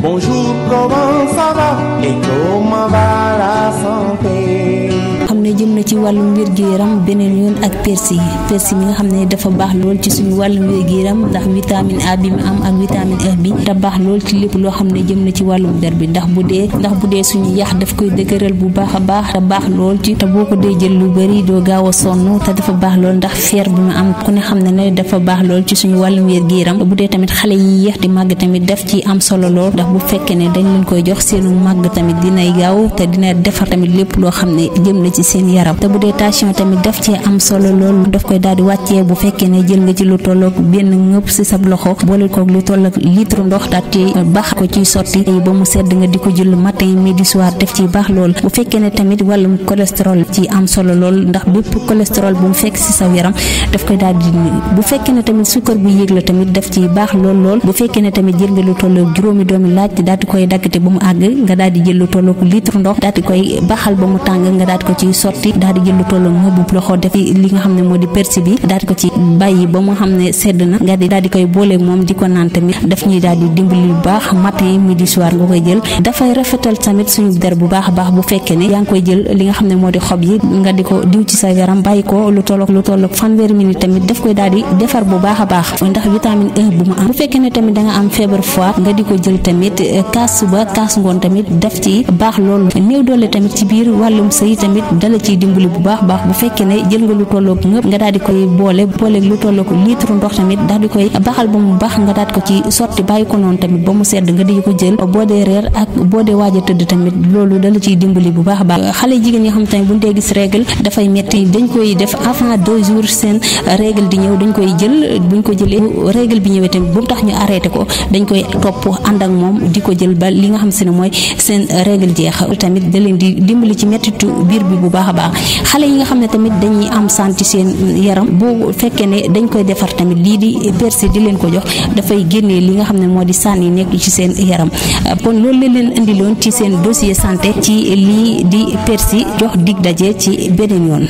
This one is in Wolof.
Bonjour Provence jëm na ci wàllum wér gu yaram beneen yoon ak persil persil mi nga xam ne dafa baax lool ci suñu wàllum wér ndax vitamine A bi mu am ak bi te baax lool ci lépp loo xam ne jëm na ci wàllum der bi ndax bu dee ndax bu dee suñu yax daf koy dëgëral bu baax a baax te baax lool ci te boo ko dee jël lu bëri doo gaaw a sonn te dafa baax lool ndax fer bi mu am ku ne xam ne ne dafa baax lool ci suñu wàllum wér gu bu dee tamit xale yi yéex di màgg tamit def ci am solo lool ndax bu fekkee ne dañ leen koy jox seenu màgg tamit dinay gaaw te dina defar tamit lépp loo xam ne jëm na ci seen yaram te bu dee tension tamit daf cee am solo loolu daf koy daal di wàccee bu fekkee ne jël nga ci lu tolloog benn ngëpp si sab loxo boole koog lu tolloog litre ndox daal ci baax ko ciy sotti tey ba mu sedd nga di ko jël matin midi soir def baax lool bu fekkee ne tamit wàllum cholestérol ci am solo lool ndax bépp cholestérol bu mu fekk si sa yaram daf koy daal di bu fekkee ne tamit sukkar bu yéeg la tamit daf ciy baax lool lool bu fekkee ne tamit jël nga lu tolloog juróomi doomi laaj daal di koy daggate ba mu àgg nga daal di jël lu tolloog litre ndox daal di koy baaxal ba mu tàng nga daal di ko sotti daal di jënd tolloog moo bu loxo def li nga xam ne moo di persi bi daal di ko ci bàyyi ba mu xam ne sedd na nga di daal di koy booleeg moom di ko naan tamit daf bu baax matin midi soir nga koy jël dafay rafetal tamit suñu der bu baax a baax bu fekkee ne yaa ngi koy jël li nga xam ne moo di xob yi nga di ko diw ci sa yaram bàyyi ko lu tolloog lu tolloog fanweeri minute tamit daf koy daal di defar bu baax a baax ndax vitamine E bu mu am bu fekkee ne tamit da am feebar foie nga di ko jël tamit kaas suba kaas ngoon tamit daf ci baax loolu néew doole tamit ci biir wàllum sëy tamit dala ciy dimbali bu baax baax bu fekkee ne jël nga lu tolloog ngëpp nga daal koy boole booleeg lu tolloog litre ndox tamit daal di koy baxal ba mu baax nga daat ko ci sotti bàyyi ko noonu tamit ba mu sedd nga di ko jël boo dee a tëdd tamit loolu dala di ñëw dañ koy jël buñ ko jëlee règle bi ñëwee tamit bu mu tax ñu arrêté ko dañ koy topp ànd ak moom di ko jël ba li nga xam si ne mooy seen règle jeex tamit da leen di dimbali ci mettitu biir bi bu baax a baax xale yi nga xam ne tamit dañuy am santi seen yaram bu fekkee ne dañ koy defar tamit lii di percé di leen ko jox dafay génne li nga xam ne moo di sànni nekk ci seen yaram kon loolu la leen indiloon ci seen dossier sante ci lii di persi jox dig daje ci beneen yoon